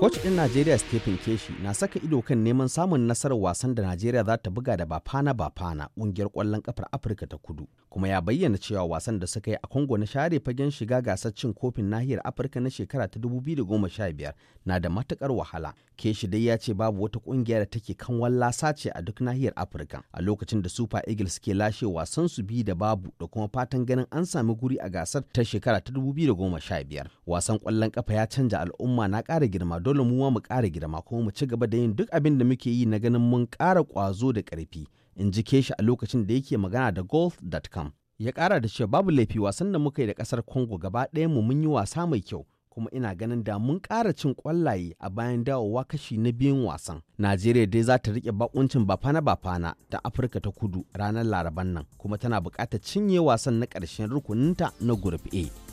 Coach ɗin Najeriya Stephen Keshi na saka ido kan neman samun nasarar wasan da Najeriya za ta buga da Bafana Bafana ƙungiyar kwallon ƙafar Afirka ta Kudu, kuma ya bayyana cewa wasan da suka yi a Congo na share fagen shiga gasar cin kofin nahiyar Afirka na shekara ta 2015 na da matuƙar wahala. Keshi dai ya ce babu wata ƙungiya da take kan wallasa ce a duk nahiyar Afirka a lokacin da Super Eagles ke lashe wasan su biyu da babu da kuma fatan ganin an sami guri a gasar ta shekara ta 2015. Wasan ƙwallon ƙafa ya canja al'umma na ƙara girma dole mu ma mu kara girma kuma mu ci gaba da yin duk abin da muke yi na ganin mun ƙara ƙwazo da ƙarfi in ji keshi a lokacin da yake magana da golf.com ya ƙara da cewa babu laifi wasan da muka yi da ƙasar congo gaba ɗaya mu mun yi wasa mai kyau kuma ina ganin da mun ƙara cin kwallaye a bayan dawowa kashi na biyun wasan. Najeriya dai za ta riƙe bakuncin bafana-bafana ta Afirka ta kudu ranar laraban nan kuma tana buƙatar cinye wasan na ƙarshen rukuninta na Group A.